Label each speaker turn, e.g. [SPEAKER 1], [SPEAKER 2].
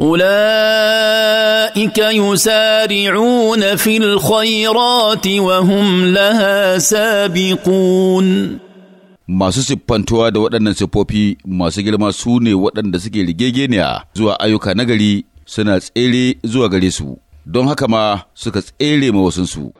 [SPEAKER 1] اولئك يسارعون في الخيرات
[SPEAKER 2] وهم لها سابقون masu siffantuwa da waɗannan siffofi masu girma su ne waɗanda suke rigegeniya zuwa ayyuka nagari suna tsere zuwa gare su don haka ma suka tsere mawasinsu